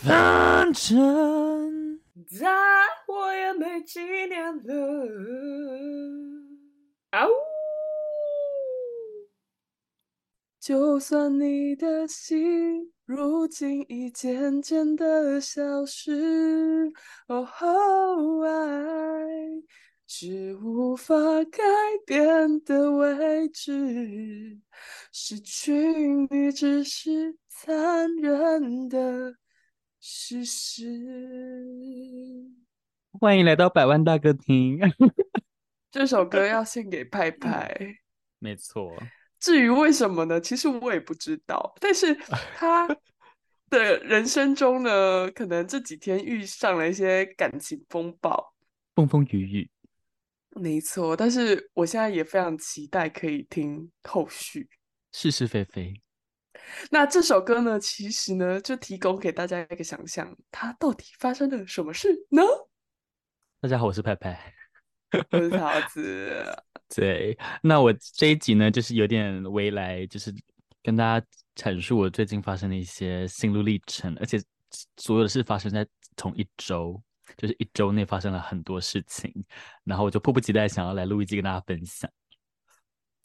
反正再活我也沒幾年了。啊嗚！就算你的心如今已漸漸的消失，哦，愛是無法改變的位置。失去你只是殘忍的。詩詩，是是歡迎來到百萬大歌廳！ 這首歌要獻給派派，嗯、沒錯。至於為什麼呢？其實我也不知道。但是他的人生中呢， 可能這幾天遇上了一些感情風暴，風風雨雨。沒錯，但是我現在也非常期待可以聽後續，是是非非。那這首歌呢，其實呢，就提供給大家一個想象，它到底發生了什麼事呢？大家好，我是派派，我是桃子。對，那我這一集呢，就是有點未來，就是跟大家闡述我最近發生的一些心路歷程，而且所有的事發生在同一周，就是一周內發生了很多事情，然後我就迫不及待想要來錄一集跟大家分享。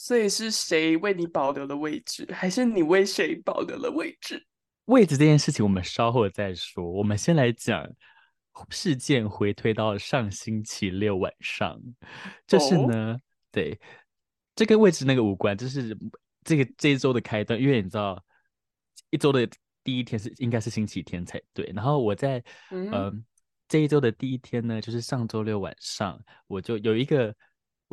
所以是誰為你保留了位置，還是你為誰保留了位置？位置這件事情我們稍後再說。我們先來講事件，回推到上星期六晚上，就是呢，哦、對，這跟位置那個無關，就是這個這一周的開端。因為你知道，一周的第一天是應該是星期天才對。然後我在嗯、呃、這一周的第一天呢，就是上周六晚上，我就有一個。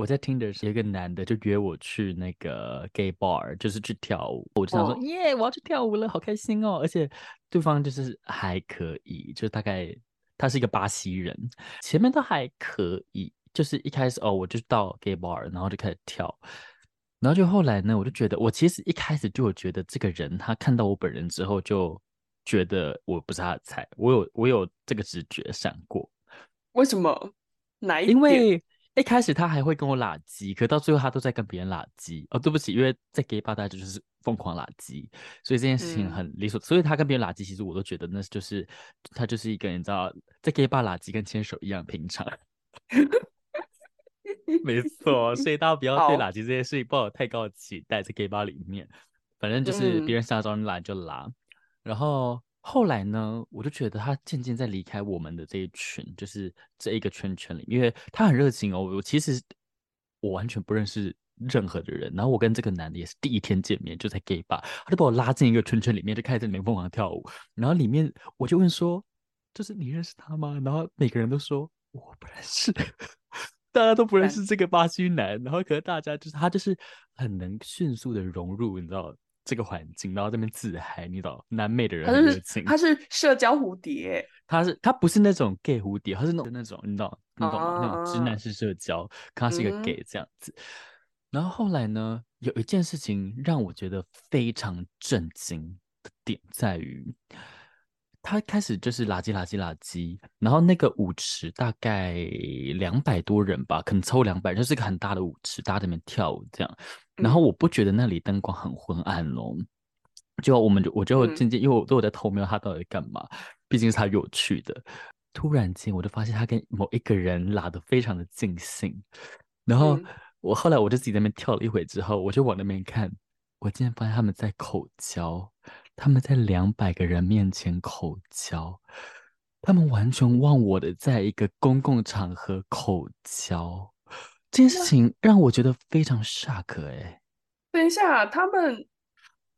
我在聽的是有一個男的就約我去那個 gay bar，就是去跳舞。我就想說耶，oh, yeah, 我要去跳舞了，好開心哦！而且對方就是還可以，就大概他是一個巴西人，前面都還可以。就是一開始哦，我就到 gay bar，然後就開始跳，然後就後來呢，我就覺得我其實一開始就有覺得這個人他看到我本人之後就覺得我不是他的菜，我有我有這個直覺閃過。為什麼？哪一點？因為。一開始他還會跟我拉基，可到最後他都在跟別人拉基。哦，對不起，因為在 gay 吧，大家就是瘋狂拉基，所以這件事情很理所。嗯、所以他跟別人拉基，其實我都覺得那就是他就是一個，你知道在 gay 吧，拉基跟牽手一樣平常。 沒錯，所以大家不要對拉基這件事情抱有太高的期待，在 gay 吧裡面，反正就是別人想要找你拉你就拉，嗯、然後。後來呢，我就覺得他漸漸在離開我們的這一群，就是這一個圈圈裡，因為他很熱情哦。我其實我完全不認識任何的人，然後我跟這個男的也是第一天見面，就在 gay bar，他就把我拉進一個圈圈裡面，就開始在裡面瘋狂跳舞。然後裡面我就問說，就是你認識他嗎？然後每個人都說我不認識，大家都不認識這個巴西男。然後可能大家就是他，就是很能迅速的融入，你知道，這個環境，然後這邊自嗨，你懂？南美的人的熱情他，他是社交蝴蝶，他是他不是那種 gay 蝴蝶，他是那種那種，啊、你懂？你懂嗎？那種直男式社交，他是一個 gay 這樣子。嗯、然後後來呢，有一件事情讓我覺得非常震驚的點在於。他開始就是垃圾垃圾垃圾，然後那個舞池大概兩百多人吧，可能超兩百，就是個很大的舞池，大家在那邊跳舞這樣。然後我不覺得那裡燈光很昏暗哦，嗯、就我們就我就漸漸，因為我都有在偷瞄他到底幹嘛，嗯、畢竟是他有趣的。突然間我就發現他跟某一個人拉得非常的盡興，然後我後來我就自己在那邊跳了一會之後，我就往那邊看，我竟然發現他們在口交。他們在兩百個人面前口交，他們完全忘我的在一個公共場合口交，這件事情讓我覺得非常 shock 欸。等一下，他們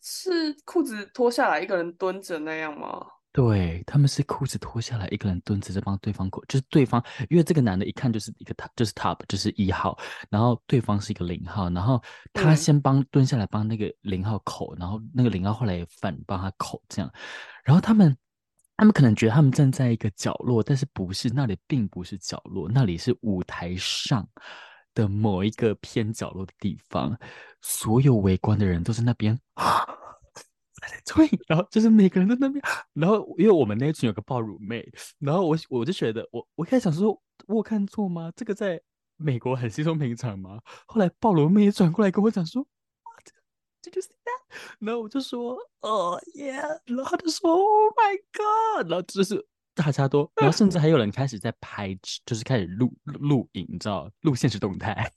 是褲子脫下來一個人蹲着那樣嗎？對，他們是褲子脫下來，一個人蹲着在幫對方口，就是對方，因為這個男的一看就是一個他就是 top 就是一號，然後對方是一個零號，然後他先幫蹲下來幫那個零號口，然後那個零號後來也反幫他口這樣，然後他們他們可能覺得他們站在一個角落，但是不是，那裡並不是角落，那裡是舞台上的某一個偏角落的地方，所有圍觀的人都在那邊，啊對，然後就是每個人都那邊，然後因為我們那一群有個爆乳妹，然後我我就覺得我，我我開始想說，我看錯嗎？這個在美國很稀鬆平常嗎？後來爆乳妹也轉過來跟我講說，What？這就是啊，然後我就說，哦、oh, 耶、yeah，然後他就說，Oh my god，然後就是大家都，然後甚至還有人開始在拍， 就是開始錄錄影，你知道，錄限時動態。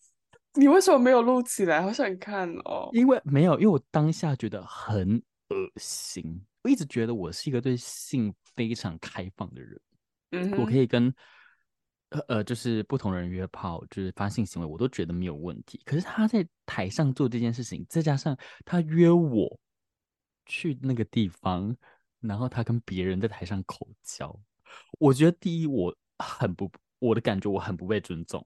你為什麼沒有錄起來？好想看哦。因為沒有，因為我當下覺得很。噁心！我一直覺得我是一個對性非常開放的人，mm hmm. 我可以跟呃就是不同的人約炮，就是發性行為，我都覺得沒有問題。可是他在台上做這件事情，再加上他約我去那個地方，然後他跟別人在台上口交，我覺得第一我很不，我的感覺我很不被尊重。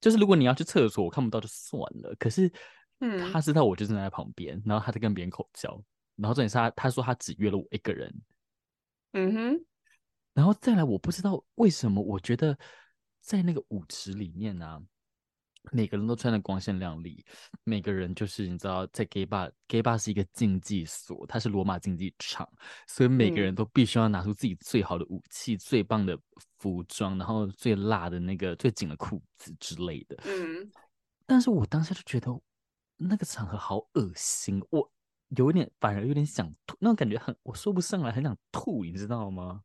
就是如果你要去廁所，我看不到就算了，可是，嗯，他知道我就站在旁邊，mm hmm. 然後他在跟別人口交。然後重點是他，他他說他只約了我一個人。嗯哼、mm，hmm. 然後再來，我不知道為什麼，我覺得在那個舞池裡面呢、啊，每個人都穿的光鮮亮麗，每個人就是你知道，在 gay bar，gay bar 是一個競技所，它是羅馬競技場，所以每個人都必須要拿出自己最好的武器、mm hmm. 最棒的服裝，然後最辣的那個、最緊的褲子之類的。嗯、mm，hmm. 但是我當下就覺得那個場合好惡心，我。有點，反而有點想吐，那種感覺很，我說不上來，很想吐，你知道嗎？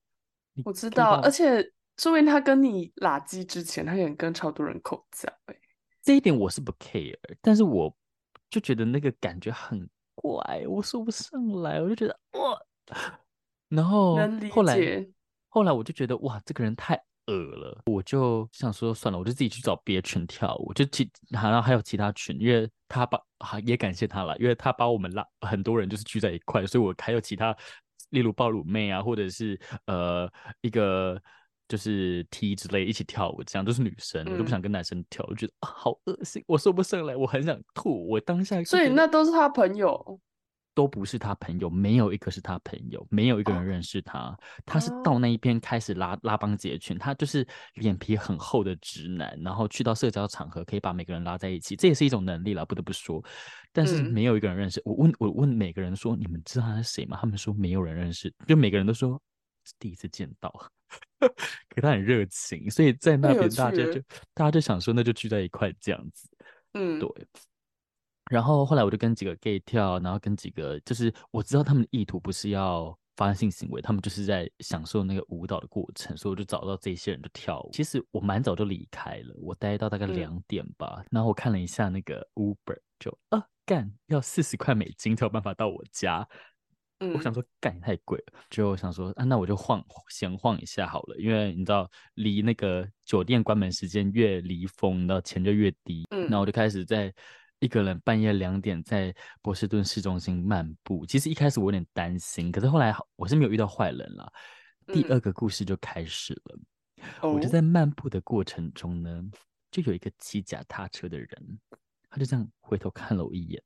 我知道，以而且說不定他跟你拉基之前，他也很跟超多人口交、欸，哎，這一點我是不 care，但是我就覺得那個感覺很怪，我說不上來，我就覺得哇，然後後來後來我就覺得哇，這個人太。餓了，我就想說算了，我就自己去找別群跳舞，就其好像還有其他群，因為他把、啊、也感謝他了，因為他把我們拉很多人就是聚在一塊，所以我還有其他，例如爆乳妹啊，或者是呃一個就是 T 之類一起跳舞，這樣都是女生，嗯、我都不想跟男生跳，我覺得、啊、好惡心，我說不上來，我很想吐。我當下，所以那都是他朋友？都不是他朋友，沒有一個是他朋友，沒有一個人認識他。Oh. 他是到那一邊開始拉拉幫結群，他就是臉皮很厚的直男，然後去到社交場合可以把每個人拉在一起，這也是一種能力了，不得不說。但是沒有一個人認識，嗯，我問，問我問每個人說：“你們知道他是誰嗎？”他們說：“沒有人認識。”就每個人都說：“是第一次見到。 ”可他很熱情，所以在那邊大家就大家就，大家就想說：“那就聚在一塊這樣子。”嗯，對。然後後來我就跟幾個 gay 跳，然後跟幾個就是我知道他們的意圖不是要發生性行為，他們就是在享受那個舞蹈的過程，所以我就找到這些人就跳舞。其實我蠻早就離開了，我待到大概兩點吧。嗯，然後我看了一下那個 Uber，就啊幹要四十塊美金才有辦法到我家。嗯，我想說幹也太貴了，就我想說啊，那我就晃閒晃一下好了，因為你知道離那個酒店關門時間越離峰，然後錢就越低。嗯，那我就開始在。一個人半夜兩點在波士頓市中心漫步，其實一開始我有點擔心，可是後來我是沒有遇到壞人了。第二個故事就開始了，嗯、我就在漫步的過程中呢，哦、就有一個騎腳踏車的人，他就這樣回頭看了我一眼，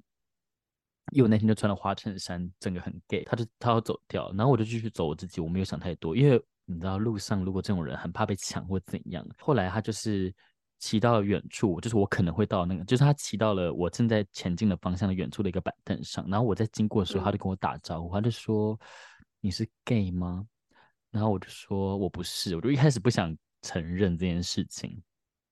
因為我那天就穿了花襯衫，整個很 gay，他就他要走掉，然後我就繼續走我自己，我沒有想太多，因為你知道路上如果這種人很怕被搶或怎樣，後來他就是。騎到遠處，就是我可能會到那個，就是他騎到了我正在前進的方向的遠處的一個板凳上，然後我在經過的時候，他就跟我打招呼，嗯、他就說：“你是 gay 嗎？”然後我就說：“我不是。”我就一開始不想承認這件事情。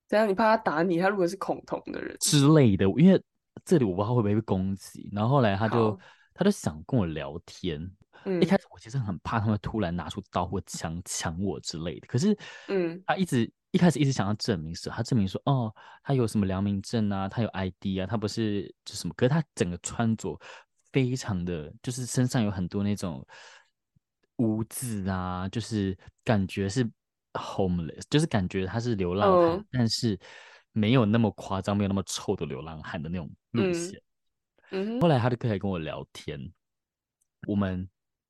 這樣，你怕他打你，他如果是恐同的人之類的，因為這裡我不知道會不會被攻擊。然後後來他就好他就想跟我聊天，嗯、一開始我其實很怕他們突然拿出刀或槍搶我之類的，可是嗯，他一直。嗯一開始一直想要證明是，他證明說，哦，他有什麼良民證啊？他有 ID 啊？他不是就什麼？可是他整個穿着非常的，就是身上有很多那種污漬啊，就是感覺是 homeless，就是感覺他是流浪漢，oh. 但是沒有那麼誇張，沒有那麼臭的流浪漢的那種路線。Mm. Mm hmm. 後來他就開始跟我聊天，我們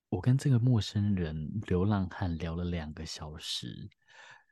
我跟這個陌生人流浪漢聊了兩個小時。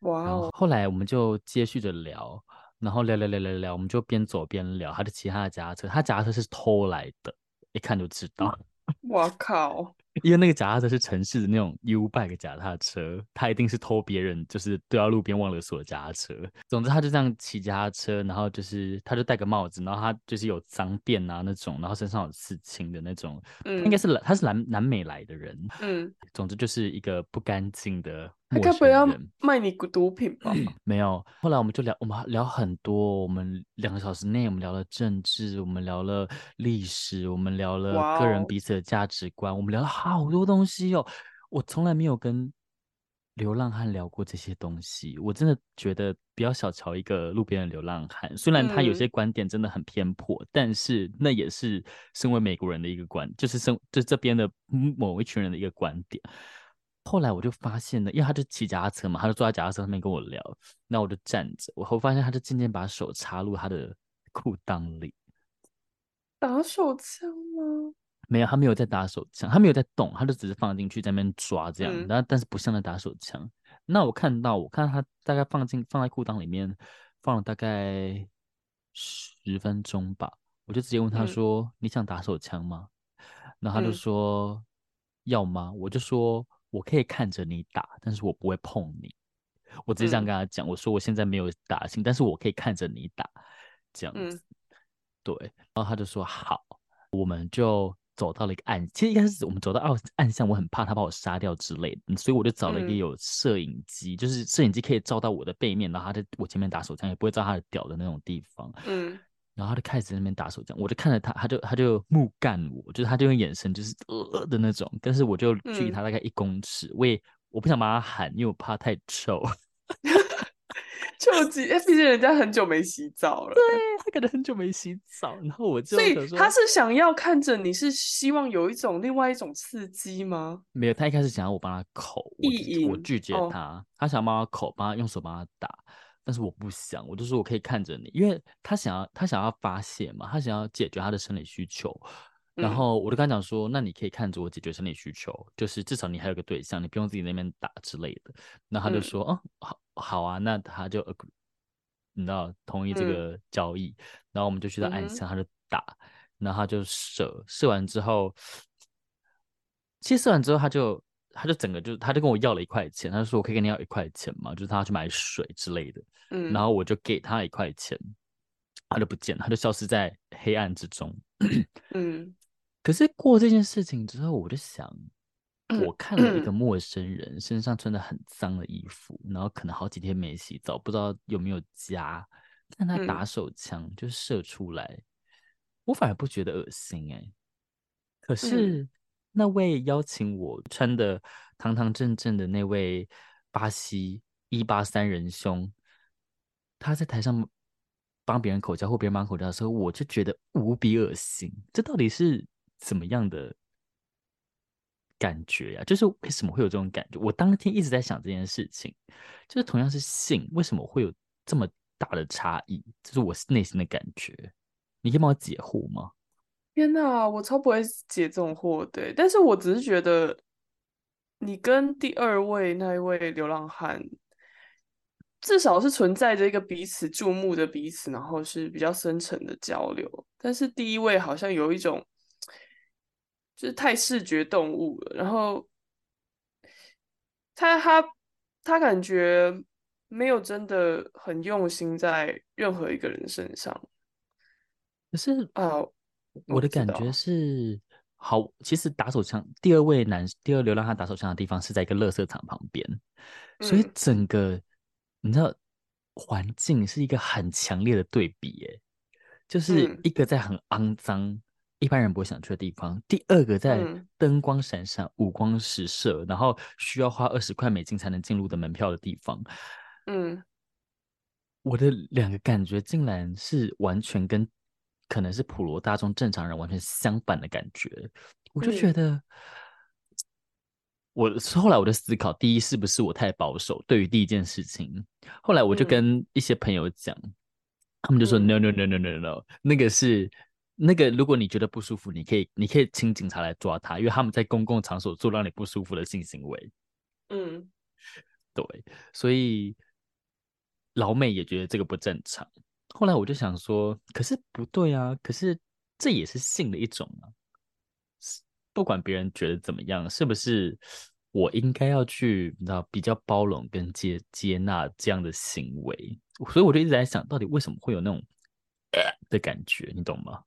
Wow 然後後來我們就接續着聊，然後聊聊聊聊聊，我們就邊走邊聊他的其他的腳踏車，他腳踏車是偷來的，一看就知道。我、嗯、靠！ 因為那個腳踏車是城市的那種 U bike 腳踏車、車，他一定是偷別人，就是丟到路邊忘了鎖的腳踏車。總之，他就這樣騎腳踏車，然後就是他就戴個帽子，然後他就是有髒辮啊那種，然後身上有刺青的那種。嗯，應該是來，他是南南美來的人。嗯，總之就是一個不乾淨的。他該不要賣你個毒品吧？ 沒有。後來我們就聊，我們聊很多。我們兩個小時內，我們聊了政治，我們聊了歷史，我們聊了個人彼此的價值觀，Wow. 我們聊了好多東西哦，我從來沒有跟流浪漢聊過這些東西。我真的覺得比較小瞧一個路邊的流浪漢。雖然他有些觀點真的很偏頗，嗯、但是那也是身為美國人的一個觀，就是身就這邊的某一群人的一個觀點。後來我就發現了，因為他就騎腳踏車嘛，他就坐在腳踏車上面跟我聊，那我就站着，我後發現他就漸漸把手插入他的褲襠裡，打手槍嗎？沒有，他沒有在打手槍，他沒有在動，他就只是放進去在那邊抓這樣，但、嗯、但是不像在打手槍。那我看到，我看到他大概放進放在褲襠裡面放了大概十分鐘吧，我就直接問他說：“嗯、你想打手槍嗎？”然後他就說：“嗯、要嗎？”我就說，我可以看着你打，但是我不會碰你。我直接這樣跟他講，嗯、我說我現在沒有打心，但是我可以看着你打，這樣子。嗯、對，然後他就說好，我們就走到了一個暗，其實應該是我們走到暗巷，我很怕他把我殺掉之類的，所以我就找了一個有攝影機，嗯、就是攝影機可以照到我的背面，然後他在我前面打手槍也不會照他的屌的那種地方。嗯然後他就開始在那邊打手這樣，我就看着他，他就他就目幹我，就是他就用眼神就是呃，呃的那種，但是我就距離他大概一公尺，嗯、我也我不想把他喊，因為我怕他太臭，臭雞 即，哎，畢竟人家很久沒洗澡了，對，他可能很久沒洗澡，然後我就，所以他是想要看着你是希望有一種另外一種刺激嗎？沒有，他一開始想要我幫他口， 我我拒絕他，哦、他想幫他口，幫他用手幫他打。但是我不想，我就說我可以看着你，因為他想要他想要發洩嘛，他想要解決他的生理需求，然後我就跟他講說，嗯、那你可以看着我解決生理需求，就是至少你還有個對象，你不用自己在那邊打之類的。那他就說，哦、嗯嗯，好，好啊，那他就 agree，你知道，同意這個交易。嗯、然後我們就去到暗室，他就打，然後他就射射完之後，其實射完之後他就。他就整個就，他就跟我要了一塊錢，他就說，我可以跟你要一塊錢嘛，就是他去買水之類的。嗯，然後我就給他一塊錢，他就不見了，他就消失在黑暗之中。嗯，可是過這件事情之後，我就想，我看了一個陌生人身上穿的很髒的衣服，嗯嗯，然後可能好幾天沒洗澡，不知道有沒有家，但他打手槍就射出來，我反而不覺得噁心哎，欸，可是。嗯嗯那位邀請我穿的堂堂正正的那位巴西一八三人兄，他在台上幫別人口交或別人幫他口交的時候，我就覺得無比惡心。這到底是怎麼樣的感覺呀、啊？就是為什麼會有這種感覺？我當天一直在想這件事情，就是同樣是性，為什麼會有這麼大的差異？這、就是我內心的感覺，你可以幫我解惑嗎？天哪，我超不會解這種貨對、欸、但是我只是覺得，你跟第二位那一位流浪漢，至少是存在着一個彼此注目的彼此，然後是比較深層的交流。但是第一位好像有一種，就是太視覺動物了，然後他他他感覺沒有真的很用心在任何一個人身上，可是啊。Uh, 我的感覺是好，其實打手槍第二位男第二流浪漢打手槍的地方是在一個垃圾場旁邊，所以整個、嗯、你知道環境是一個很強烈的對比、欸，哎，就是一個在很骯髒、嗯、一般人不會想去的地方，第二個在燈光閃閃、嗯、五光十色，然後需要花二十塊美金才能進入的門票的地方，嗯，我的兩個感覺竟然是完全跟。可能是普羅大眾正常人完全相反的感覺，我就覺得，嗯、我後來我就思考，第一是不是我太保守？對於第一件事情，後來我就跟一些朋友講，嗯、他們就說、嗯、“No No No No No No”，那個是那個，如果你覺得不舒服，你可以你可以請警察來抓他，因為他們在公共場所做讓你不舒服的性行為。嗯，對，所以老美也覺得這個不正常。後來我就想說，可是不對啊！可是這也是性的一種啊，不管別人覺得怎麼樣，是不是我應該要去你知道比較包容跟接接納這樣的行為？所以我就一直在想，到底為什麼會有那種、呃、的感覺？你懂嗎？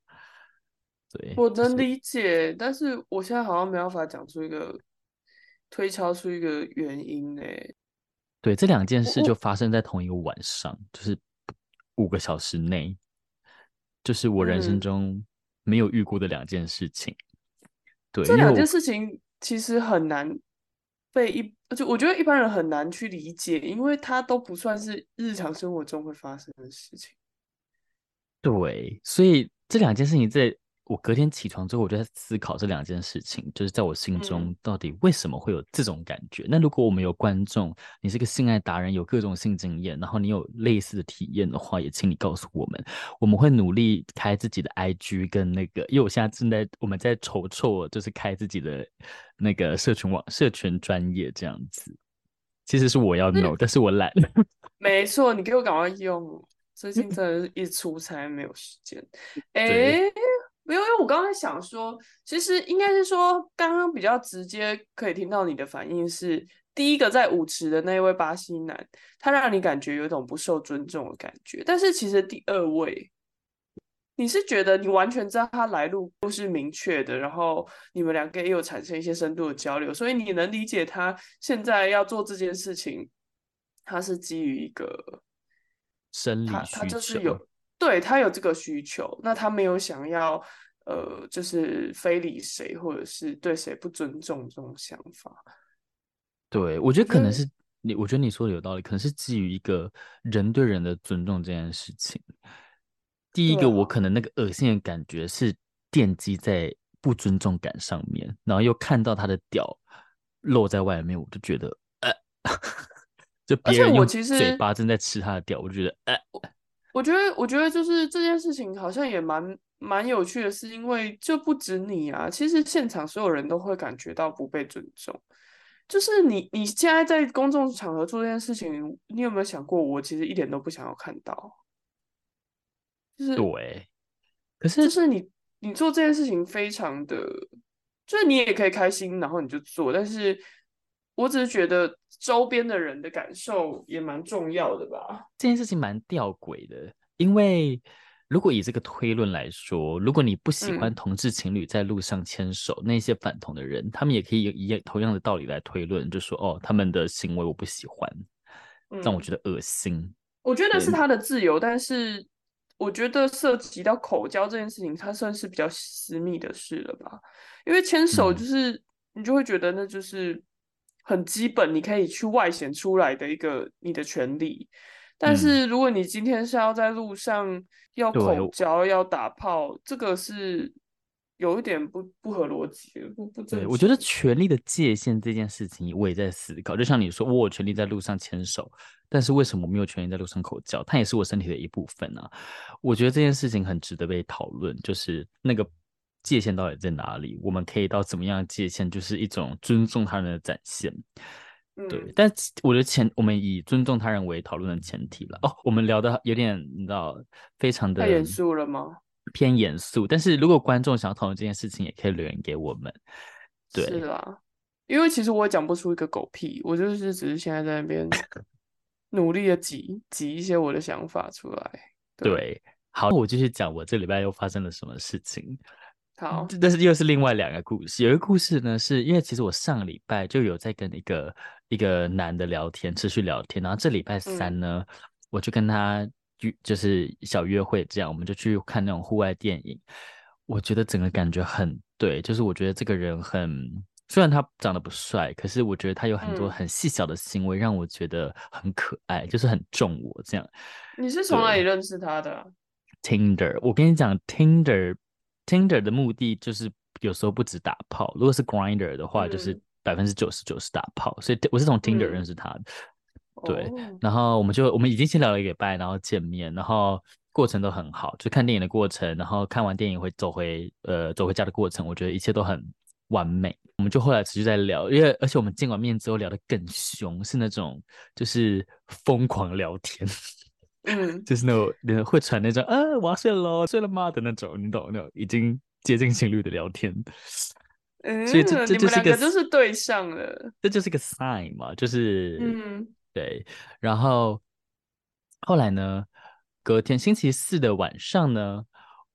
對，我能理解，就是、但是我現在好像沒辦法講出一個推敲出一個原因哎。對，這兩件事就發生在同一個晚上，我就是。五個小時內，就是我人生中沒有遇過的兩件事情。嗯、對，這兩件事情其實很難被一，而且我覺得一般人很難去理解，因為它都不算是日常生活中會發生的事情。對，所以這兩件事情在。我隔天起床之後，我就在思考這兩件事情，就是在我心中到底為什麼會有這種感覺。嗯、那如果我們有觀眾，你是個性愛達人，有各種性經驗，然後你有類似的體驗的話，也請你告訴我們。我們會努力開自己的 IG 跟那個，因為我現在正在我們在籌措，就是開自己的那個社群網，社群專業這樣子。其實是我要 know，、嗯、但是我懶、嗯。 沒錯，你給我趕快用。最近真的一直出差，嗯、沒有時間。哎對。欸沒有，因為，我剛才想說，其實應該是說，剛剛比較直接可以聽到你的反應是，第一個在舞池的那位巴西男，他讓你感覺有一種不受尊重的感覺。但是其實第二位，你是覺得你完全知道他來路不是明確的，然後你們兩個也有產生一些深度的交流，所以你能理解他現在要做這件事情，他是基於一個生理需求。他他就是有對，他有這個需求，那他沒有想要，呃，就是非禮誰或者是對誰不尊重這種想法。對，我覺得可能是你，這我覺得你說的有道理，可能是基於一個人對人的尊重這件事情。第一個，啊、我可能那個噁心的感覺是奠基在不尊重感上面，然後又看到他的屌露在外面，我就覺得呃， 就別人我其實嘴巴正在吃他的屌，我就覺得呃。我覺得，我覺得就是這件事情好像也蠻蠻有趣的，是因為就不止你啊，其實現場所有人都會感覺到不被尊重。就是你，你現在在公眾場合做這件事情，你有沒有想過，我其實一點都不想要看到。就是對，可是就是你，你做這件事情非常的，就是你也可以開心，然後你就做，但是我只是覺得。周邊的人的感受也蠻重要的吧？這件事情蠻弔詭的，因為如果以這個推論來說，如果你不喜歡同志情侶在路上牽手，嗯、那些反同的人，他們也可以以同樣的道理來推論，就說哦，他們的行為我不喜歡，讓、嗯、我覺得噁心。我覺得是他的自由，對但是我覺得涉及到口交這件事情，它算是比較私密的事了吧？因為牽手就是、嗯、你就會覺得那就是。很基本，你可以去外顯出來的一個你的權利，但是如果你今天是要在路上要口交、嗯、要打炮，這個是有一點不不合邏輯，不不對，我覺得權利的界限，這件事情我也在思考。就像你說，我有權利在路上牽手，但是為什麼我沒有權利在路上口交？它也是我身體的一部分啊！我覺得這件事情很值得被討論，就是那個。界限到底在哪裡？我們可以到怎麼樣的界限，就是一種尊重他人的展現。嗯、對，但是我覺得前，我們以尊重他人為討論的前提了。哦，我們聊的有點，你知道，非常的太嚴肅了嗎？偏嚴肅。但是如果觀眾想要討論這件事情，也可以留言給我們。對，是啦，因為其實我也講不出一個狗屁，我就是只是現在在那邊努力的擠擠 一些我的想法出來。對，對好，我繼續講，我這禮拜又發生了什麼事情。好，但是又是另外兩個故事。有一個故事呢，是因為其實我上禮拜就有在跟一個一個男的聊天，持續聊天。然後這禮拜三呢，嗯、我就跟他約，就是小約會這樣，我們就去看那種戶外電影。我覺得整個感覺很對，就是我覺得這個人很，雖然他長得不帥，可是我覺得他有很多很細小的行為、嗯、讓我覺得很可愛，就是很重我這樣。你是從哪裡認識 So, 他的？Tinder，我跟你講，Tinder。Tinder 的目的就是有時候不止打炮，如果是 Grinder 的話，就是百分之九十九是打炮。嗯、所以我是從 Tinder 認識他的，嗯、對。哦、然後我們就我們已經先聊了一個禮拜，然後見面，然後過程都很好，就看電影的過程，然後看完電影會走回呃走回家的過程，我覺得一切都很完美。我們就後來持續在聊，因為而且我們見完面之後聊得更兇，是那種就是瘋狂聊天。嗯， 就是那種會傳那種啊，我要睡了，睡了嘛的那種，你懂那種已經接近情侶的聊天。所以這、嗯、這，這就是個、個就是對象了，這就是一個 sign 嘛，就是嗯，對。然後後來呢，隔天星期四的晚上呢，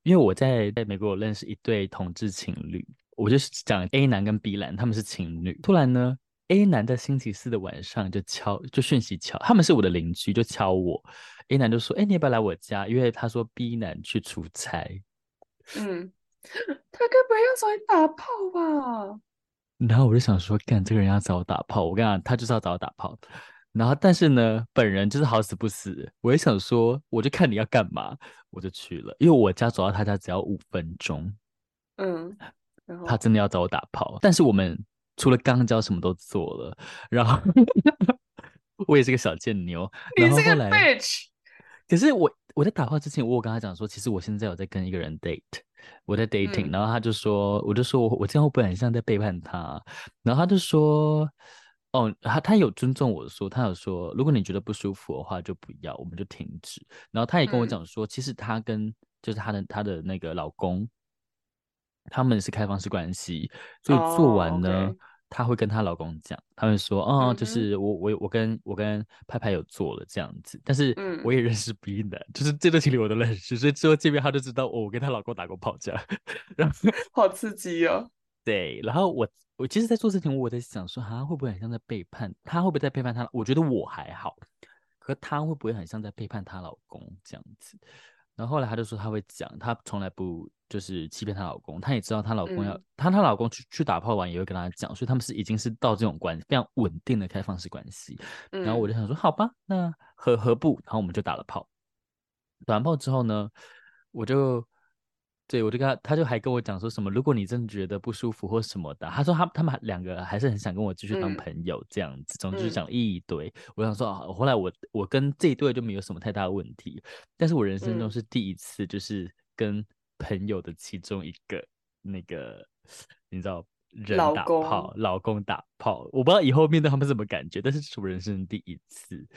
因為我在在美國，我認識一對同志情侶，我就是講 A 男跟 B 男他們是情侶。突然呢。A 男在星期四的晚上就敲，就訊息敲，他們是我的鄰居，就敲我。A 男就說：“哎、欸，你要不要來我家？”因為他說 B 男去出差。嗯，他根本要找你打炮吧、啊？然後我就想說，幹，這個人要找我打炮，我跟他，他就是要找我打炮。然後，但是呢，本人就是好死不死，我也想說，我就看你要幹嘛，我就去了，因為我家走到他家只要五分鐘。嗯，然後他真的要找我打炮，但是我們。除了肛交什麼都做了，然後 我也是個小賤妞，你 這個 bitch。可是我我在打話之前，我有跟他講說，其實我現在有在跟一個人 date，我在 dating，、嗯、然後他就說，我就說我我這樣會不會很像在背叛他？然後他就說，哦，他他有尊重我說，他有說，如果你覺得不舒服的話，就不要，我們就停止。然後他也跟我講說，嗯、其實他跟就是他的他的那個老公。他們是開放式關係，所以做完呢，她、oh, okay. 會跟她老公講，他們說，啊、哦，就是我我我跟我跟派派有做了這樣子，但是我也認識 B 男、嗯、就是這段情侶我都認識，所以之後見面，他就知道、哦、我跟他老公打過炮仗，然後好刺激哦。 對，然後我我其實，在做之前，我在想說，他、啊、會不會很像在背叛？他會不會在背叛他？我覺得我還好，可他會不會很像在背叛他老公這樣子？然後後來他就說他會講，他從來不就是欺騙她老公，她也知道她老公要她她、嗯、老公去去打炮玩也會跟她講，所以他們是已經是到這種關係非常穩定的開放式關係。嗯、然後我就想說好吧，那何何不？然後我們就打了炮，打完炮之後呢，我就。對，我就跟他，他就還跟我講說什麼，如果你真的覺得不舒服或什麼的，他說他他們兩個還是很想跟我繼續當朋友、嗯、這樣子，總之講一堆。嗯、我想說，啊、後來我我跟這一對就沒有什麼太大問題，但是我人生中是第一次，就是跟朋友的其中一個、嗯、那個你知道，人打炮，老公，老公打炮，我不知道以後面對他們什麼感覺，但是是我人生第一次。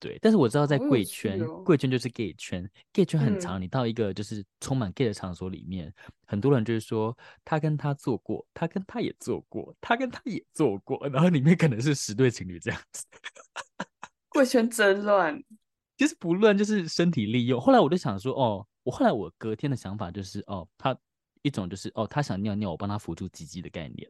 對，但是我知道在 g 圈 g、哦、圈就是 Gay 圈，Gay 圈很長。嗯、你到一個就是充滿 Gay 的場所裡面，很多人就是說他跟他做過，他跟他也做過，他跟他也做過，然後裡面可能是十對情侶這樣子。g 圈真亂，其實不亂，就是身體利用。後來我就想說，哦，我後來我隔天的想法就是，哦，他一種就是哦，他想尿尿，我幫他扶住雞雞的概念。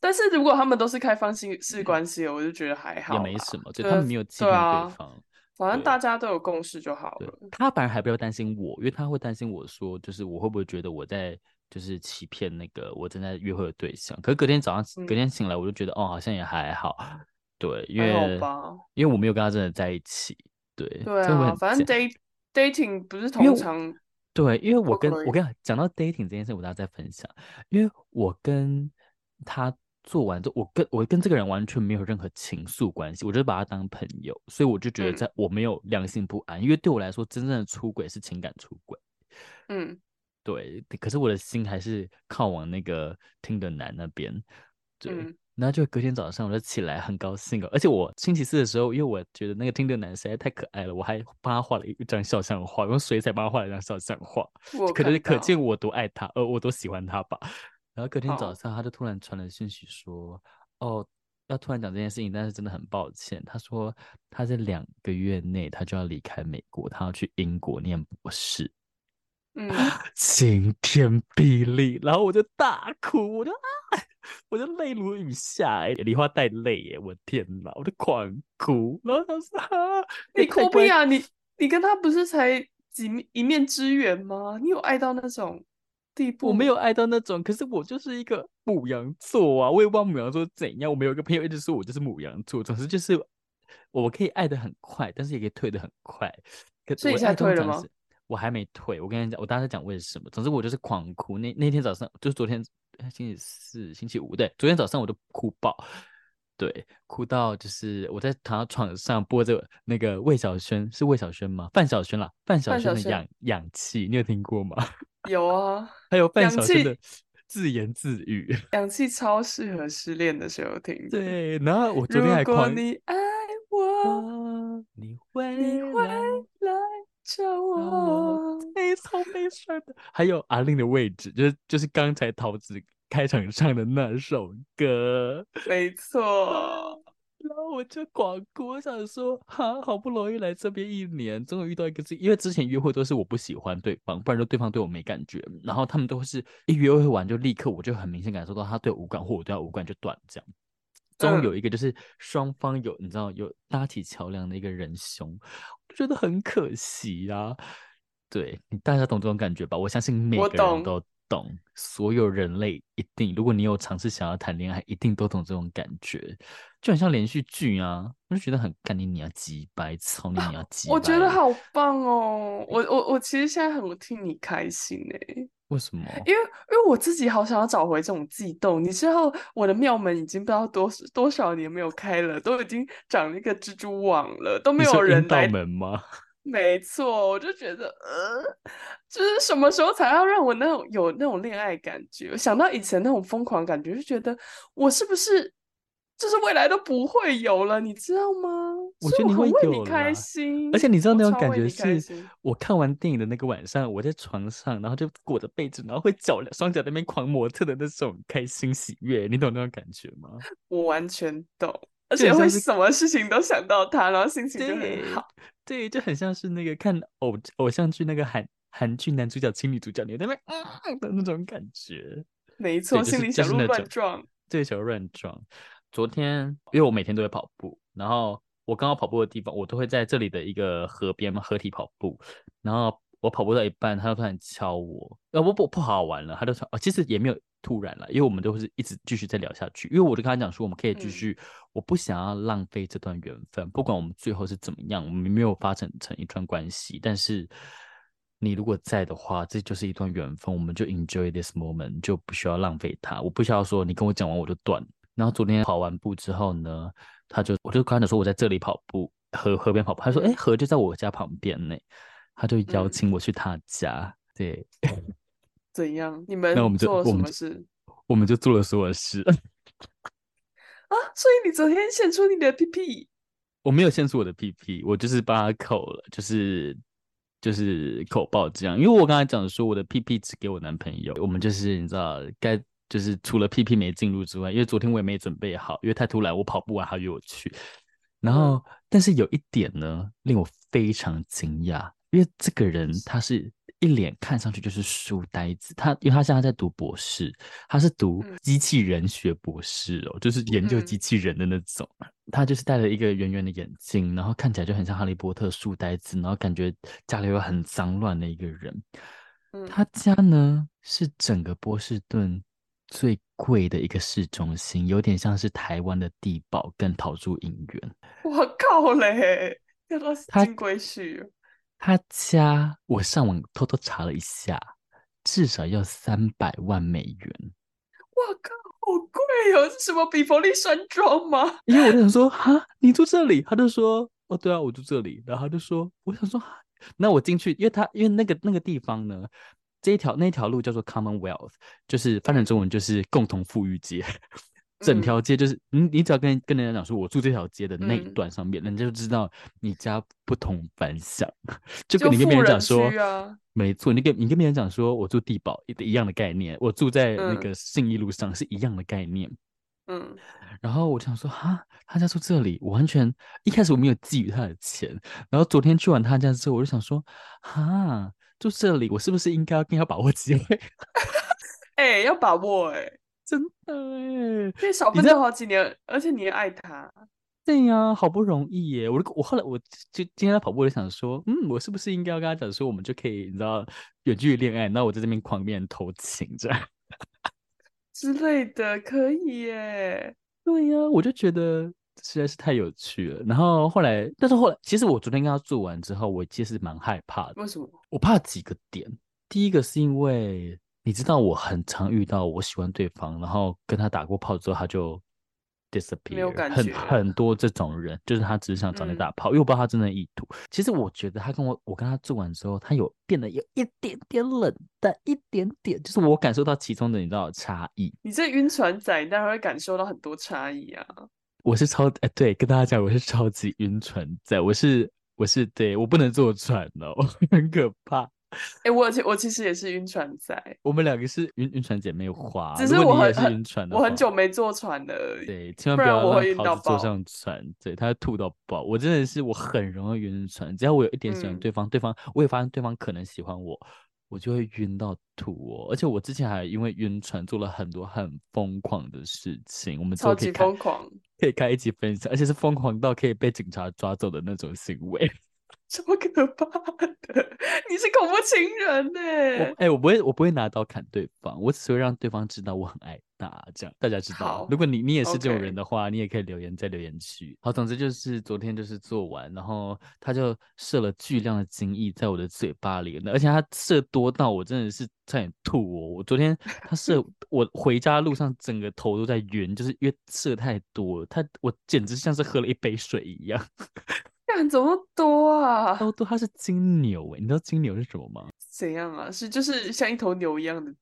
但是如果他們都是開放式關係，我就覺得還好。也沒什麼，就他們沒有欺騙對方。反正大家都有共識就好了。他反而還比較擔心我，因為他會擔心我說，就是我會不會覺得我在就是欺騙那個我正在約會的對象。可是隔天早上，隔天醒來，我就覺得哦，好像也還好。對，因為因為我沒有跟他真的在一起。對，對，反正 dating dating 不是通常對，因為我跟我跟你講到 dating 這件事，我跟他在分享，因為我跟他。做完就，我跟我跟這個人完全沒有任何情愫關係，我就把他當朋友，所以我就覺得在我沒有良心不安，嗯、因為對我來說，真正的出軌是情感出軌。嗯，對。可是我的心還是靠往那個 Tinder 男那邊。對。嗯、然後就隔天早上我就起來，很高興。而且我星期四的時候，因為我覺得那個 Tinder 男實在太可愛了，我還幫他畫了一張肖像畫，用水彩幫他畫了一張肖像畫。可能可見我多愛他，呃，我多喜歡他吧。然後隔天早上，他就突然傳來信息說：“ oh. 哦，要突然講這件事情，但是真的很抱歉。”他說他在兩個月內他就要離開美國，他要去英國念博士。嗯，晴天霹靂！然後我就大哭，我就啊，我就淚如雨下，梨花帶淚耶！我天吶，我就狂哭。然後他說、啊：“你哭你你跟他不是才幾面一面之緣嗎？你有愛到那種？”地步，我沒有愛到那種，可是我就是一個牡羊座啊！我也不知道牡羊座怎樣。我沒有一個朋友一直說我就是牡羊座，總之就是我可以愛的很快，但是也可以退的很快。我現在退了嗎？我還沒退。我跟你講，我剛才講為什麼？總之我就是狂哭。那那天早上就是昨天星期四、星期五對，昨天早上我都哭爆，對，哭到就是我在躺在床上播着那個魏小萱，是魏小萱嗎？范曉萱啦，范曉萱的小氧氧氣，你有聽過嗎？有啊、哦，還有半小時的自言自語氧氣， 氧氣超適合失戀的時候聽。對，然後我昨天還誇。如果你愛我，哦、你會你會來找我。沒錯、哦，沒事的。還有阿玲的位置，就是就是剛才桃子開場唱的那首歌。沒錯。 然後我就狂哭，我想說，哈、啊，好不容易來這邊一年，終於遇到一個事情，因為之前約會都是我不喜歡對方，不然就對方對我沒感覺。然後他們都是一約會完就立刻，我就很明顯感受到他對我無感或我對他無感就斷這樣，終於有一個就是雙方有你知道有搭起橋梁的一個人凶，我覺得很可惜啊。對你大家懂這種感覺吧？我相信每個人都。懂，所有人類一定，如果你有嘗試想要談戀愛，一定都懂這種感覺，就很像連續劇啊，我就覺得很感，你要你,你要急，白操你你要急，我覺得好棒哦，我我我其實現在很替你開心哎、欸，為什麼？因為因為我自己好想要找回這種悸動，你知道我的廟門已經不知道多多少年沒有開了，都已經長了一個蜘蛛網了，都沒有人到門嗎？沒錯，我就覺得，呃，就是什麼時候才要讓我那種有那種戀愛感覺？我想到以前那種瘋狂感覺，就覺得我是不是就是未來都不會有了？你知道嗎？我覺得你會有，我很為你開心，而且你知道那種感覺是，我看完電影的那個晚上，我在床上，然後就裹着被子，然後會腳雙腳在那邊狂模特的那種開心喜悅，你懂那種感覺嗎？我完全懂。而且會什麼事情都想到他，然後心情都很好。對，就很像是那個看偶偶像劇那個韓韓劇男主角，親女主角你面對面啊的那種感覺。沒錯錯，就是，心裡小鹿亂撞，小鹿亂撞。昨天因為我每天都會跑步，然後我剛好跑步的地方，我都會在這裡的一個河邊嘛河堤跑步，然後。我跑步到一半，他就突然敲我，呃、啊，我不不好玩了，他就說，哦、啊、其實也沒有突然了，因為我們都會是一直繼續再聊下去，因為我就跟他講說，我們可以繼續，嗯、我不想要浪費這段緣分，不管我們最後是怎麼樣，我們沒有發展成一段關係，但是你如果在的話，這就是一段緣分，我們就 enjoy this moment，就不需要浪費它，我不需要說你跟我講完我就斷。然後昨天跑完步之後呢，他就我就跟他講說我在這裡跑步，河河邊跑步，他說，哎、欸、河就在我家旁邊呢、欸。他就邀請我去他家，嗯、對， 怎樣？你們，那我們就做什麼事？我們就做了所有事 啊！所以你昨天獻出你的屁屁？我沒有獻出我的屁屁，我就是把它口了，就是就是口爆這樣。因為我剛才講說，我的屁屁只給我男朋友。我們就是你知道，該就是除了屁屁沒進入之外，因為昨天我也沒準備好，因為太突然，我跑不完，他約我去。然後，嗯、但是有一點呢，令我非常驚訝。因為這個人他是一臉看上去就是書呆子，他因為他現在在讀博士，他是讀機器人學博士哦，嗯、就是研究機器人的那種。嗯、他就是戴了一個圓圓的眼鏡，然後看起來就很像哈利波特書呆子，然後感覺家裡有很髒亂的一個人。嗯、他家呢是整個波士頓最貴的一個市中心，有點像是台灣的帝寶跟陶朱隱園。我靠嘞，要到金龜婿。他家，我上網偷偷查了一下，至少要三百萬美元。我靠，好貴哦！是什麼比佛利山莊嗎？因為我就想說，哈，你住這裡？他就說，哦，對啊，我住這裡。然後他就說，我想說，那我進去，因為他，因為那個那個地方呢，這一條那條路叫做 Commonwealth，就是翻成中文就是共同富裕街。整條街就是你，嗯、你只要跟跟人家講說，我住這條街的那一段上面，人家、嗯、就知道你家不同凡響。就，啊、 就跟你跟別人講說，沒錯，你跟你跟別人講說，我住帝寶一一樣的概念，我住在那個信義路上是一樣的概念。嗯，嗯然後我想說，哈，他家住這裡，我完全一開始我沒有覬覦他的錢。然後昨天去完他家之後，我就想說，哈，住這裡，我是不是應該更要他把握機會？哎 欸，要把握哎、欸。真的耶，最少奮鬥好幾年，在而且你也愛他。對呀、啊，好不容易耶！我我後來我就今天跑步，我就想說，嗯，我是不是應該要跟他講說，我們就可以，你知道，遠距離戀愛，然後我在這邊狂戀偷情，這樣 之類的，可以耶。對呀、啊，我就覺得實在是太有趣了。然後後來，但是後來，其實我昨天跟他做完之後，我其實蠻害怕的。為什麼？我怕幾個點，第一個是因為。你知道我很常遇到我喜歡對方，然後跟他打過炮之後他就 disappear，很很多這種人，就是他只是想找你打炮，因為我，嗯、不知道他真的意圖。其實我覺得他跟我我跟他做完之後，他有變得有一點點冷淡，一點點，就是我感受到其中的你知道的差異。你這暈船仔，你當然會感受到很多差異啊！我是超哎，欸、對，跟大家講，我是超級暈船仔，我是我是對我不能坐船哦， 很可怕。哎、欸，我我其實也是暈船仔。我們兩個是暈暈船姐妹花，只是我也是暈船的。我很久沒坐船了，對，千萬不要我暈到坐上船，會對它吐到爆。我真的是我很容易暈船，只要我有一點喜歡對方，嗯、對方我也發現對方可能喜歡我，我就會暈到吐哦。而且我之前還因為暈船做了很多很瘋狂的事情，我們超級瘋狂，可以開一起分享，而且是瘋狂到可以被警察抓走的那種行為。超可怕的！你是恐怖情人呢？欸？哎、欸，我不會，我不會拿刀砍對方，我只會讓對方知道我很愛他，這樣大家知道。好如果你你也是這種人的話，Okay. 你也可以留言在留言區。好，總之就是昨天就是做完，然後他就射了巨量的精液在我的嘴巴裡，那而且他射多到我真的是差點吐哦。我昨天他射我回家路上，整個頭都在暈， 就是因為射太多了。他我簡直像是喝了一杯水一樣。 怎麼多啊？都多，他是金牛誒，你知道金牛是什麼嗎？怎樣啊？是就是像一頭牛一樣的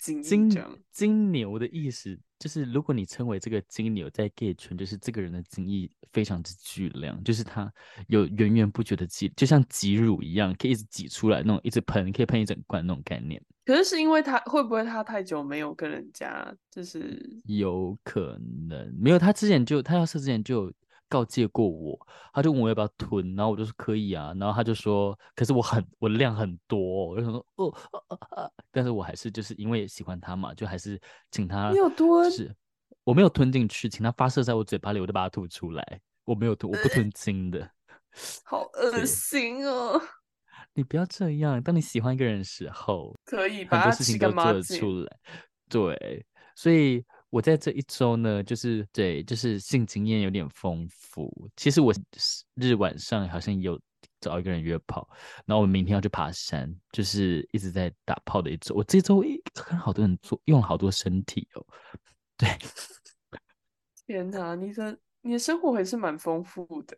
金牛。金牛的意思就是，如果你稱為這個金牛在 gay 圈，就是這個人的精力非常之巨量，就是他有源源不絕的擠，就像擠乳一樣，可以一直擠出來那種，一直噴可以噴一整罐那種概念。可是是因為他會不會他太久沒有跟人家，就是有可能沒有他之前就他要是之前就。告誡過我，他就問我要不要吞，然後我就說可以啊，然後他就說，可是我很我的量很多，我就想說哦、啊啊啊，但是我還是就是因為喜歡他嘛，就還是請他、就是。你有吞？是，我沒有吞進去，請他發射在我嘴巴裡，我就把它吐出來。我沒有吞，我不吞精的、呃。好惡心哦！你不要這樣。當你喜歡一個人的時候，可以把很多事情都做得出來。對，所以。我在這一周呢，就是對，就是性經驗有點豐富。其實我日晚上好像有找一個人約炮，然後我明天要去爬山，就是一直在打炮的一周。我這周一跟好多人做，用了好多身體哦。對，天哪，你的你的生活還是蠻豐富的。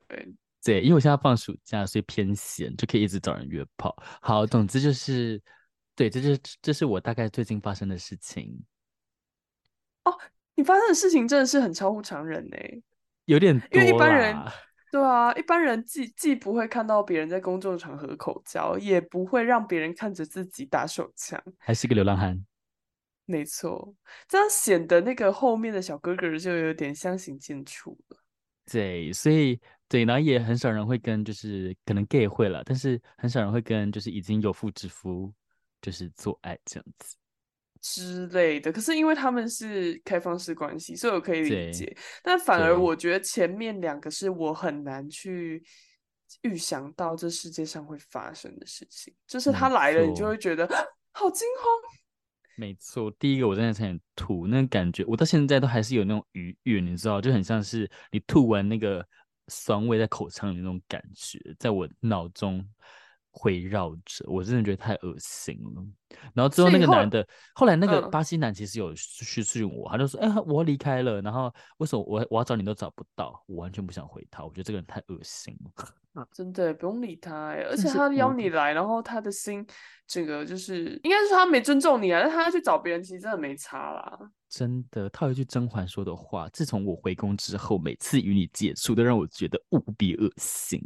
對，因為我現在放暑假，所以偏閒，就可以一直找人約炮。好，總之就是對，這、就是這、就是我大概最近發生的事情。哦，你發生的事情真的是很超乎常人呢。欸，有點多，因為一般人，對啊，一般人既既不會看到別人在公眾場合口交，也不會讓別人看着自己打手槍，還是個流浪漢。沒錯，這樣顯得那個後面的小哥哥就有點相形見絀了。對，所以對，然後也很少人會跟，就是可能 gay 會了，但是很少人會跟，就是已經有婦之夫，就是做愛這樣子。之類的，可是因為他們是開放式關係，所以我可以理解。對但反而我覺得前面兩個是我很難去預想到這世界上會發生的事情，就是他來了，你就會覺得沒錯、啊、好驚慌。沒錯，第一個我真的很吐，那感覺我到現在都還是有那種愉悅，你知道，就很像是你吐完那個酸味在口腔的那種感覺，在我腦中。會繞着我，真的覺得太惡心了。然後之後那個男的，以以後，後來那個巴西男其實有去訊、嗯、我，他就說：“哎，我要離開了，然後為什麼我我要找你都找不到？我完全不想回他，我覺得這個人太噁心了。嗯”真的不用理他，而且他邀你來，是然後他的心這個就是，應該是他沒尊重你啊，但他要去找別人，其實真的沒差啦。真的套一句甄嬛說的話：自從我回宮之後，每次與你接觸都讓我覺得無比噁心。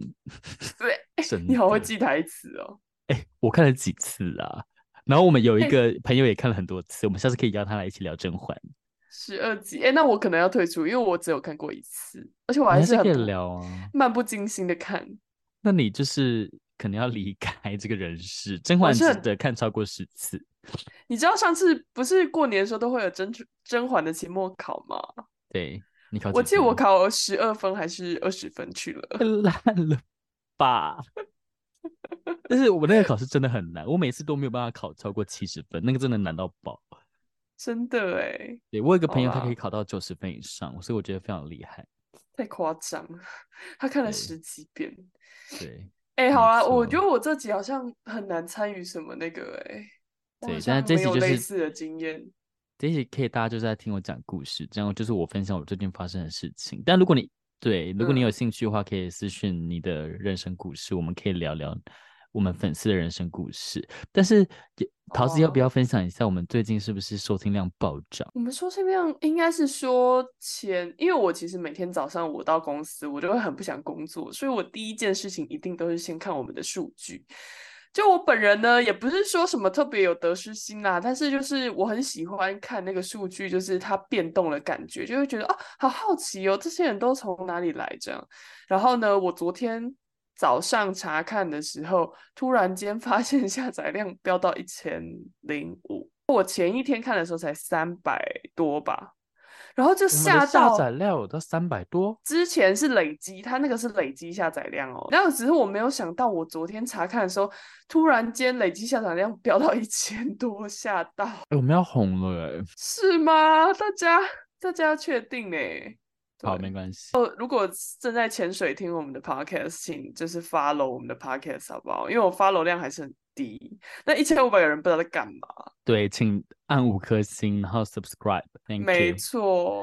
對， 真的。你好會記台詞哦！哎、欸，我看了幾次了啊，然後我們有一個朋友也看了很多次， 我們下次可以邀他來一起聊甄嬛十二集。哎、欸，那我可能要退出，因為我只有看過一次，而且我還是很還是可以聊啊、漫不經心的看。那你就是可能要離開這個人世。甄嬛值得看超過十次。 你知道上次不是過年的時候都會有甄、甄嬛傳的期末考嗎？對，你考我記得我考十二分還是二十分去了，爛了吧？ 但是我那個考試真的很難，我每次都沒有辦法考超過七十分，那個真的難到爆。真的哎、欸，對，我有一個朋友，他可以考到九十分以上，啦所以我覺得非常厲害。太誇張了，他看了十幾遍。對，哎、欸，好啦，錯我覺得我這集好像很難參與什麼那個哎、欸。對，現在這些就是類似的經驗，這些、就是、可以大家就是在聽我講故事，這樣就是我分享我最近發生的事情。但如果你對，如果你有興趣的話，可以私訊你的人生故事，嗯、我們可以聊聊我們粉絲的人生故事。但是桃子要不要分享一下，我們最近是不是收聽量暴漲？哦、我們收聽量應該是說前，因為我其實每天早上我到公司，我就會很不想工作，所以我第一件事情一定都是先看我們的數據。就我本人呢，也不是說什麼特別有得失心啦、啊，但是就是我很喜歡看那個數據，就是它變動的感覺，就會覺得啊，好好奇哦，這些人都從哪裡來這樣。然後呢，我昨天早上查看的時候，突然間發現下載量飆到一千零五，我前一天看的時候才三百多吧。然後就嚇到下載量有到三百多，之前是累積，他那個是累積下載量哦。然後只是我沒有想到，我昨天查看的時候，突然間累積下載量飆到一千多下，嚇到、欸！我們要紅了哎，是嗎？大家大家要確定哎，對好，沒關係。哦，如果正在潛水聽我們的 podcast，請就是 follow 我們的 podcast 好不好？因為我 follow 量還是很。第一，那一千五百個人不知道在幹嘛。對，請按五顆星，然後 subscribe，沒錯錯，Thank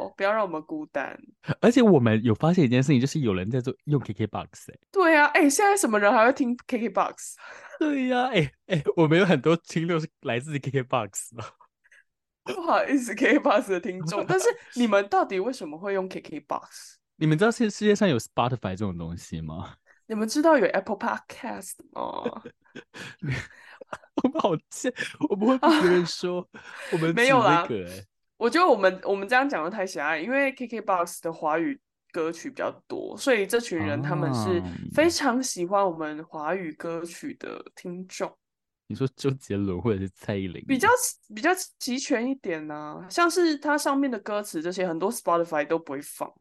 you. 不要讓我們孤單。而且我們有發現一件事情，就是有人在做用 KKBOX、欸、對呀、啊，哎、欸，現在什麼人還會聽 KKBOX？對呀、啊，哎、欸欸、我們有很多聽眾是來自 KKBOX 啊。不好意思，KKBOX 的聽眾， 但是你們到底為什麼會用 KKBOX？你們知道世世界上有 Spotify 這種東西嗎？你們知道有 Apple Podcast 嗎？ 我們好賤， 我們會跟別人說我們 沒有啦。我覺得我們我們這樣講的太狹隘，因為 KKBOX 的華語歌曲比較多，所以這群人他們是非常喜歡我們華語歌曲的聽眾。啊、你說周杰倫或者是蔡依林，比較比較齊全一點呢、啊吶？像是它上面的歌詞這些，很多 Spotify 都不會放。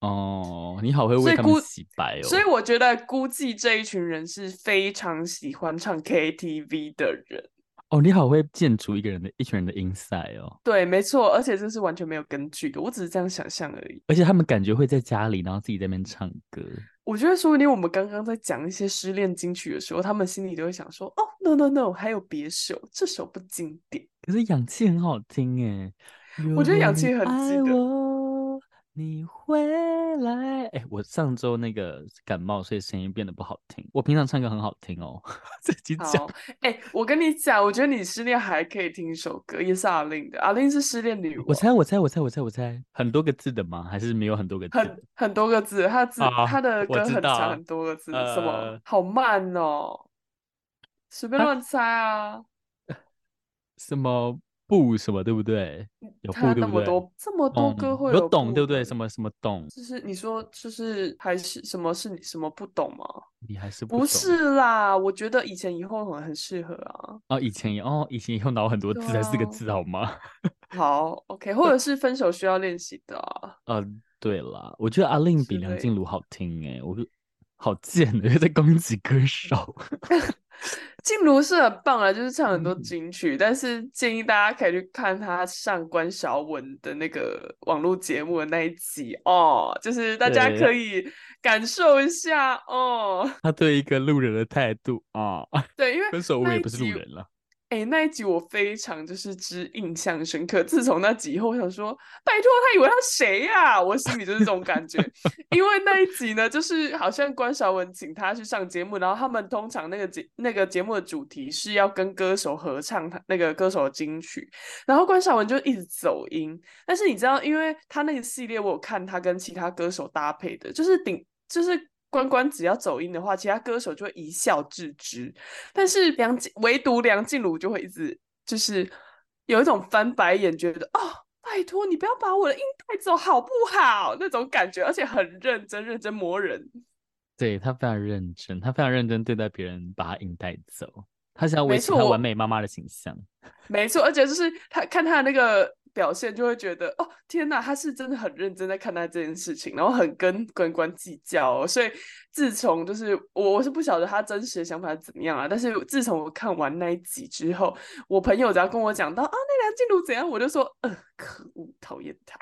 哦，oh, 你好會為他們洗白哦，所以估，所以我覺得估計這一群人是非常喜歡唱 KTV 的人。哦，oh, 你好會建築一個人的一群人的 inside 哦。對，沒錯，而且這是完全沒有根據的，我只是這樣想象而已。而且他們感覺會在家裡，然後自己在那邊唱歌。我覺得說不定我們剛剛在講一些失戀金曲的時候，他們心裡都會想說：“哦、oh,，no no no，還有別首這首不經典。”可是氧氣很好聽耶，我覺得氧氣很值得。你回來？哎、欸，我上周那個感冒，所以聲音變得不好聽。我平常唱歌很好聽哦。自己講。哎、欸，我跟你講，我覺得你失戀還可以聽一首歌，也是阿琳的。阿琳是失戀女王哦。我猜，我猜，我猜，我猜，我猜，很多個字的嗎？還是沒有很多個字？很很多個字，他字啊、他的歌很長，很多個字。呃、什麼？好慢哦。隨便亂猜啊。什麼？不什麼對不對？有對不對那麼多這麼多歌會有,、嗯、有懂對不對？什麼什麼懂？就是你說就是還是什麼是你什麼不懂嗎？你還是不,懂不是啦？我覺得以前以後很很適合啊。啊、哦，以前以哦，以前以後腦很多字才是、啊、四個字好嗎？好，OK，或者是分手需要練習的啊。呃，對啦，我覺得阿令比梁靜茹好聽哎、欸，對我好賤的在攻擊歌手。 靜茹是很棒啊，就是唱很多金曲，嗯、但是建議大家可以去看他上官小文的那個網絡節目的那一集哦，就是大家可以感受一下對對對哦，他對一個路人的態度啊，哦、對，因為分 手我也不是路人了。欸，那一集我非常就是之印象深刻。自從那集以後，我想說，拜託他以為他誰呀？啊？我心裡就是這種感覺。 因為那一集呢，就是好像關曉文請他去上節目，然後他們通常那個節那個節目的主題是要跟歌手合唱他那個歌手的金曲，然後關曉文就一直走音。但是你知道，因為他那個系列我有看他跟其他歌手搭配的，就是頂就是。關關只要走音的話，其他歌手就會一笑置之，但是梁靜，唯獨梁靜茹就會一直就是有一種翻白眼，覺得哦，拜託你不要把我的音帶走好不好？那種感覺，而且很認真，認真魔人。對，他非常認真，他非常認真對待別人把他音帶走，他想要維持他完美媽媽的形象。沒錯，而且就是他看他的那個。表現就會覺得哦，天哪，他是真的很認真在看待這件事情，然後很跟關關計較，哦。所以自從就是我，我是不曉得他真實的想法是怎麼樣啊。但是自從我看完那一集之後，我朋友只要跟我講到啊、哦、那梁靜茹怎樣，我就說，嗯、呃，可惡討厭他。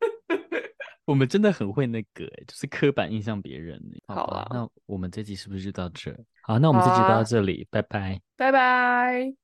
我們真的很會那個、欸，就是刻板印象別人。好啦，好啊、那我們這集是不是就到這？好，那我們這集就到這裡，啊、拜拜，拜拜。